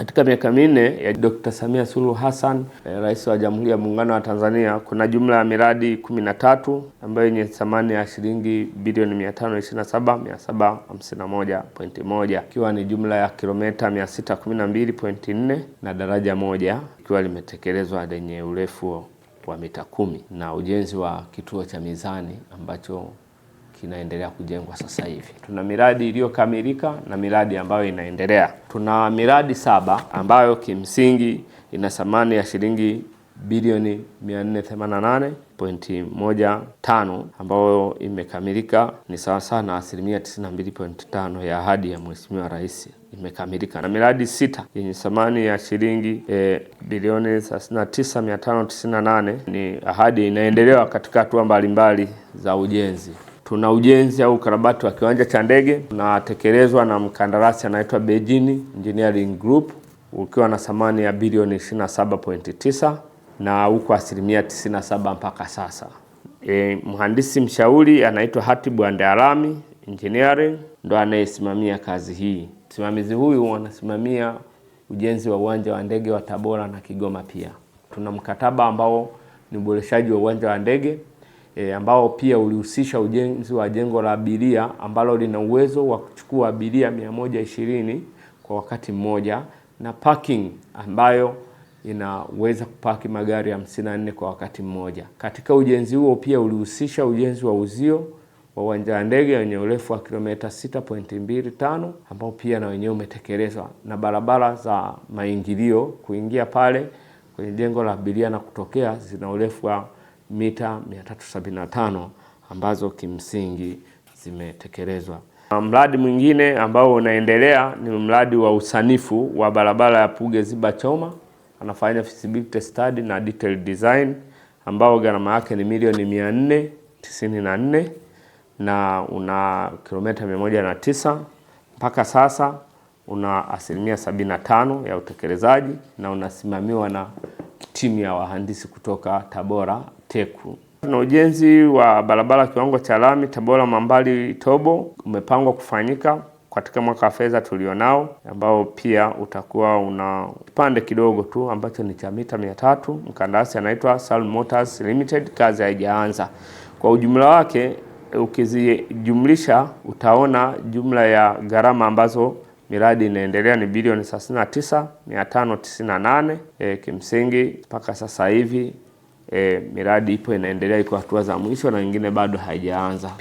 Katika miaka minne ya Dkt. Samia Suluhu Hassan, eh, Rais wa Jamhuri ya Muungano wa Tanzania, kuna jumla ya miradi 13 ambayo yenye thamani ya shilingi bilioni 527,751.1 ikiwa ni jumla ya kilomita 612.4 na daraja moja ikiwa limetekelezwa lenye urefu wa mita kumi na ujenzi wa kituo cha mizani ambacho kinaendelea kujengwa sasa hivi. Tuna miradi iliyokamilika na miradi ambayo inaendelea. Tuna miradi saba ambayo kimsingi ina thamani ya shilingi bilioni 488.15 ambayo imekamilika, ni sawa na asilimia 92.5 ya ahadi ya Mheshimiwa Rais imekamilika, na miradi sita yenye thamani ya shilingi e, bilioni 39,598 ni ahadi inaendelewa katika hatua mbalimbali za ujenzi. Tuna ujenzi au ukarabati wa kiwanja cha ndege unatekelezwa na mkandarasi anaitwa Beijing Engineering Group ukiwa na thamani ya bilioni 27.9 na uko asilimia 97 mpaka sasa. E, mhandisi mshauri anaitwa Hatibu Andarami Engineering ndo anayesimamia kazi hii. Msimamizi huyu anasimamia ujenzi wa uwanja wa ndege wa Tabora na Kigoma. Pia tuna mkataba ambao ni uboreshaji wa uwanja wa ndege e, ambao pia ulihusisha ujenzi wa jengo la abiria ambalo lina uwezo wa kuchukua abiria 120 kwa wakati mmoja na parking ambayo inaweza kupaki magari 54 kwa wakati mmoja. Katika ujenzi huo pia ulihusisha ujenzi wa uzio wa uwanja wa ndege wenye urefu wa kilomita 6.25 ambao pia na wenyewe umetekelezwa na barabara za maingilio kuingia pale kwenye jengo la abiria na kutokea zina urefu wa mita 375 ambazo kimsingi zimetekelezwa. Mradi mwingine ambao unaendelea ni mradi wa usanifu wa barabara ya Puge Ziba Choma, anafanya feasibility study na detail design ambao gharama yake ni milioni 494 na una kilomita 109. Mpaka sasa una asilimia 75 ya utekelezaji na unasimamiwa na timu ya wahandisi kutoka Tabora TEKU. Na ujenzi wa barabara kiwango cha lami Tabora mambali Tobo umepangwa kufanyika katika mwaka wa fedha tulionao ambao pia utakuwa una kipande kidogo tu ambacho ni cha mita mia tatu. Mkandarasi anaitwa Salum Motors Limited, kazi haijaanza. Kwa ujumla wake ukizijumlisha utaona jumla ya gharama ambazo miradi inaendelea ni bilioni 39,598. E, kimsingi mpaka sasa hivi e, miradi ipo inaendelea, iko hatua za mwisho na nyingine bado haijaanza.